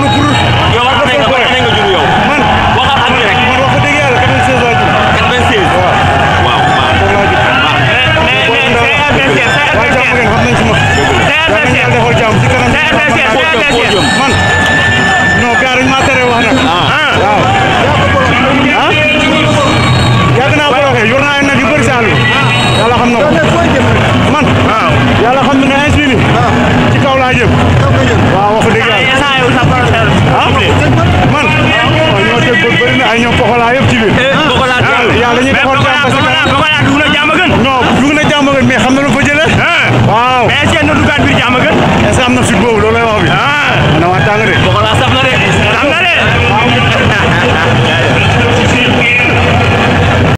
onu kurun. combat yëpp ci biir. Pokola eh, ah, yàlla ñu defoon jàmm parce que Pokola dugg na jàmm gën. non dugg na jàmm gën mais xam na lu fa jëlee. Eh. waaw mais est-ce que na biir jàmm gën. est-ce am na fit boobu